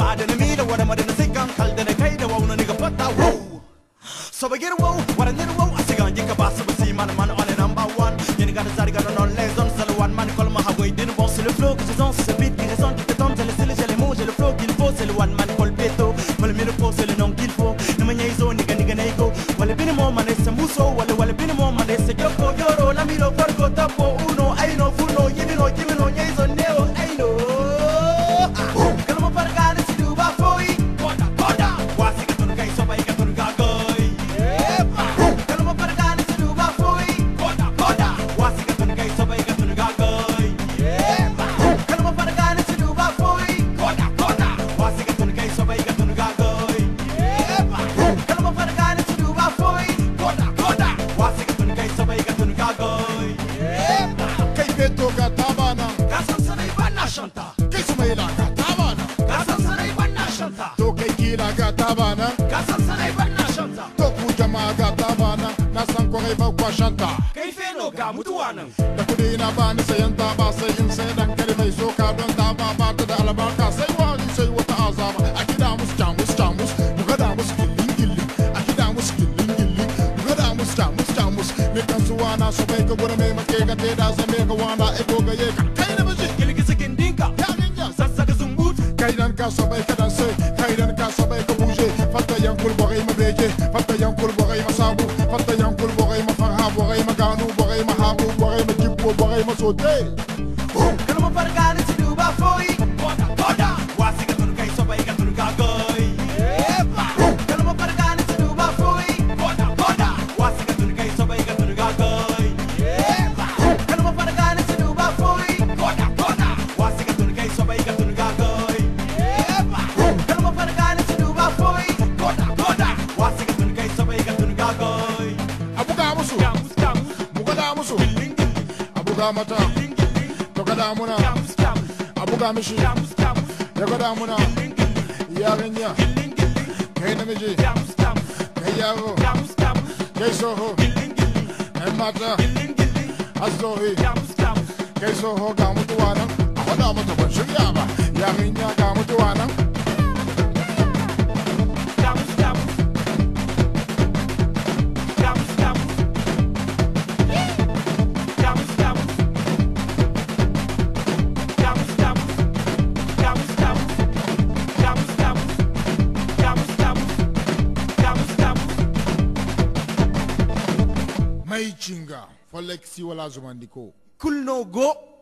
ಬಾಜನ ಮೀದ ಒಡಮರನ ಸಿಕ್ಕಂ ಕಲ್ದನ ಕೈದವ ಅವನ ನಿಗ ಪತ್ತ ವೋ ಸೊಬಗಿರುವೋ ವರನಿರುವೋ ಅಸಿಗಾಂಜಿಕ ಬಾಸಬ ಸೀಮನ ಮನ ಆನೆ ನಂಬರ್ ಒನ್ ನಿನಗನ ಸರಿಗನ ನಾನ್ ಲೇಸನ್ ಸಲ ಒನ್ ಮನ್ ಕೊಲ್ ಮಹ ಗೋಯ್ ದಿನ ಬೋ ಸಿಲು ಫ್ಲೋ ಕಿಸ ಜನ್ ಸ ಬಿಟ್ ಕಿಸ ಜನ್ ಕಿಸ ತಂ ಜಲ ಸಿಲು ಜಲ ಮೋ ಜಲ ಫ್ಲೋ ಕಿಲ್ ಫೋ ಸಿಲು ಒನ್ ಮನ್ ಕೊಲ್ ಬೇತೋ ಮಲ ಮಿರು ಫೋ ಸಿಲು ನಂ ಕಿಲ್ ಫೋ ನಮ ನೈ ಜೋ ನಿಗ ನಿಗ ನೈ ಗೋ ವಲ ಬಿನ ಮೋ ಮನೆ ಸಮೂಸೋ ವಲ jama'a ga taba nan san sanai ban na shanta to ku jama'a ga taba nan na san kwarai kwa shanta kai feno ga mutuwa nan da kudi na ba ni sayan taba sai in sai dankali mai soka don taba ba ta da albarka sai wani sai wata azaba a kida musu jamus jamus mu gada musu gillin gillin a kida musu gillin gillin mu gada musu jamus jamus me kan suwa na so bai ga gura mai make ga te da zame ga wana e ko ga ye ka kai na miji gilgisi gindinka ya ninja sassaga zumbut kai nan ka so ka dan sai yankul boray ma beke fatta yankul boray ma sabu fatta yankul boray ma farha boray ma ganu boray ma habu boray ma jibbo boray ma sote mata toka damuna abuga mishi daga damuna yarinya kai namiji kai yaro kai soho kai mata azohi kai soho ga mutuwa nan a wada mata ban yarinya ga Maichinga falek walazumandiko sumandi kulno